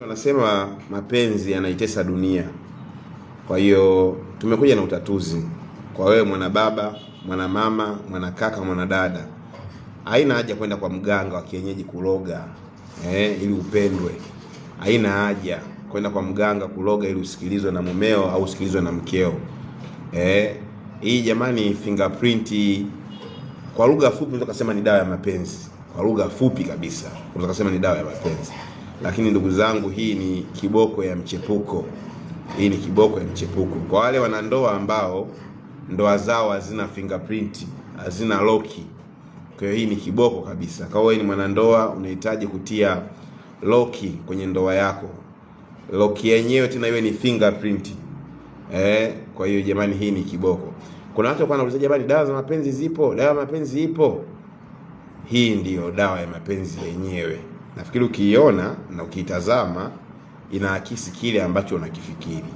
Wanasema mapenzi yanaitesa dunia. Kwa hiyo tumekuja na utatuzi kwa wewe mwana baba, mwana mama, mwana kaka, mwana dada, haina haja kwenda kwa mganga wa kienyeji kuloga eh, ili upendwe. Haina haja kwenda kwa mganga kuloga ili usikilizwe na mumeo au usikilizwe na mkeo eh. Hii jamani, fingerprint kwa lugha fupi unaweza kusema ni dawa ya mapenzi. Kwa lugha fupi kabisa unaweza kusema ni dawa ya mapenzi lakini ndugu zangu, hii ni kiboko ya mchepuko. Hii ni kiboko ya mchepuko kwa wale wanandoa ambao ndoa zao hazina fingerprint, hazina loki. Kwa hiyo hii ni kiboko kabisa. Kwa wewe ni mwanandoa unahitaji kutia loki kwenye ndoa yako, loki yenyewe tena iwe ni fingerprint eh. Kwa hiyo jamani, hii ni kiboko. Kuna watu walikuwa wanauliza, jamani, dawa za mapenzi zipo? Dawa za mapenzi ipo? Hii ndiyo dawa ya mapenzi yenyewe. Nafikiri ukiiona na ukiitazama inaakisi kile ambacho unakifikiri.